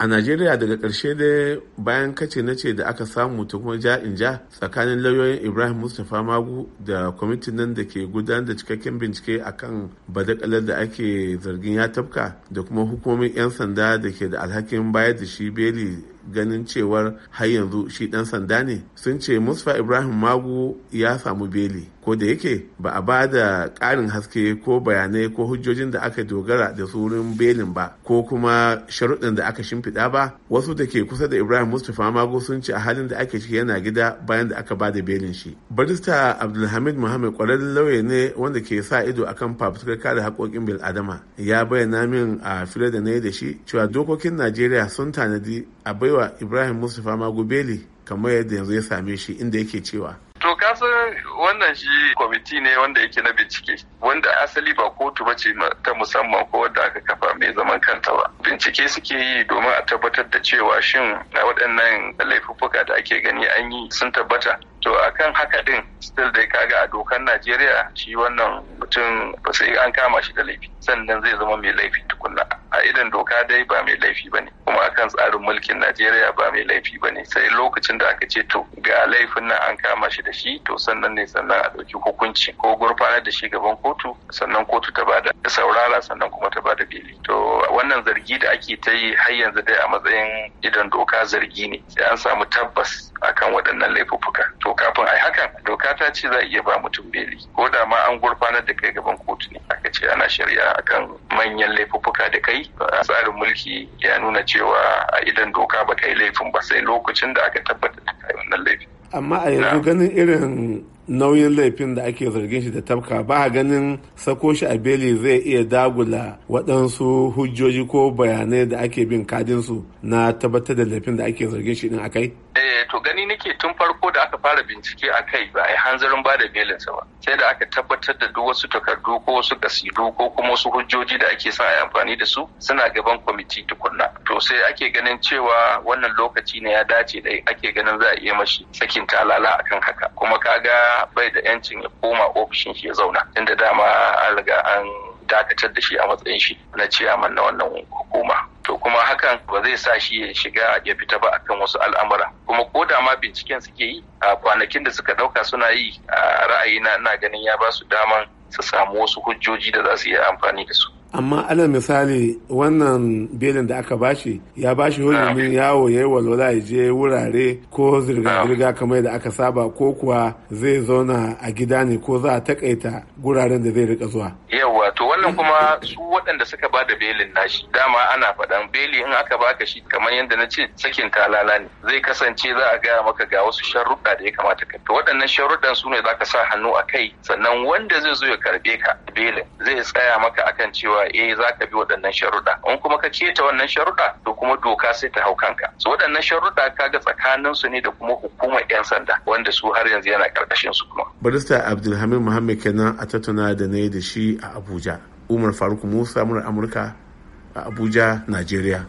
a najeriya daga karshe dai bayan kace na ce da aka samu ta kuma ja in ja tsakanin lauyoyin ibrahim mustapha magu da kwamitin nan da ke gudanar da cikakken bincike a kan badakalar da ake zargin ya tafka da kuma hukumomin 'yan sanda da ke da alhakin bayar da shi beli ganin cewar har yanzu shi dan sanda ne sun ce mustapha ibrahim magu ya samu beli ko da yake ba a ba da ƙarin haske ko bayanai ko hujjojin da aka dogara da tsorin belin ba ko kuma sharuɗin da aka shimfiɗa ba wasu da ke kusa da ibrahim mustapha mago sun ci a halin da ake ciki yana gida bayan da aka ba da belin shi barista abdulhamid muhammad ƙwararren lauya ne wanda ke sa ido akan fafutukar kare haƙoƙin bil'adama ya bayyana min a fira da na yi da shi cewa dokokin najeriya sun tanadi a baiwa ibrahim mustapha mago beli kamar yadda yanzu ya same shi inda yake cewa To kasa wannan shi kwamiti ne wanda yake na bincike wanda asali ba kotu ba ce ta musamman ko wadda aka kafa mai zaman kanta ba. Bincike suke yi domin a tabbatar da cewa shin na waɗannan laifuffuka da ake gani an yi sun tabbata. To a kan haka din still dai kaga a dokar Najeriya shi wannan mutum ba sai an kama shi da laifi sannan zai zama mai laifi tukunna. idan doka dai ba mai laifi ba ne kuma akan tsarin mulkin najeriya ba mai laifi ba ne sai lokacin da aka ce to ga laifin nan an kama shi da shi to sannan ne sannan a ɗauki hukunci ko gurfanar da shi gaban kotu sannan kotu ta bada saurara sannan kuma ta bada beli to wannan zargi da ake ta yi har yanzu dai a matsayin idan doka zargi ne sai an samu tabbas akan waɗannan laifuffuka to kafin ayi hakan doka ta ce za a iya ba mutum beli ko da ma an gurfanar da kai gaban kotu ne aka ce ana shari'a akan manyan laifuffuka da kai tsarin mulki ya nuna cewa a idan doka ba ta yi laifin ba sai lokacin da aka tabbatar da kai wannan laifin. Amma a yanzu ganin irin nauyin laifin da ake zargin shi da tabka ba a ganin sako shi a beli zai iya dagula waɗansu hujjoji ko bayanai da ake bin kadinsu na tabbatar da laifin da ake zargin shi din akai? Eh, to gani nake tun farko da aka fara bincike a kai ba a yi hanzarin ba da belinsa ba sai da aka tabbatar da duk wasu takardu ko wasu kasidu ko kuma wasu hujjoji da ake sa a amfani da su suna gaban kwamiti tukunna to sai ake ganin cewa wannan lokaci ne ya dace da ake ganin za a iya mashi sakin talala akan haka kuma kaga bai da yancin ya koma ofishin shi ya zauna inda dama an riga an dakatar da shi a matsayin shi na ciyaman na wannan unguwa. to kuma hakan ba zai sa shi ya shiga ya fita ba akan wasu al'amura kuma ko da ma binciken suke yi a kwanakin da suka dauka suna yi a ra'ayina ina ganin ya ba su daman su samu wasu hujjoji da za su iya amfani da su amma alal misali wannan belin da aka bashi ya bashi hurumin yawo ya yi walwala ya je wurare ko zirga-zirga kamar da aka saba ko kuwa zai zauna a gida ne ko za a takaita guraren da zai rika zuwa yawa to sannan kuma su waɗanda suka ba da belin nashi dama ana faɗan beli in aka baka shi kamar yadda na ce sakin talala ne zai kasance za a gaya maka ga wasu sharuɗa da ya kamata ka to waɗannan sharuɗan su ne za ka sa hannu a kai sannan wanda zai zo ya karɓe ka belin zai tsaya maka akan cewa eh za ka bi waɗannan sharuɗa in kuma ka keta wannan sharuɗa to kuma doka sai ta hau kanka su waɗannan sharuɗa kaga tsakanin su ne da kuma hukumar 'yan sanda wanda su har yanzu yana ƙarƙashin su kuma barista abdulhamid muhammad kenan a tattauna da na da shi a abuja umar faruk musa muna amurka a abuja nigeria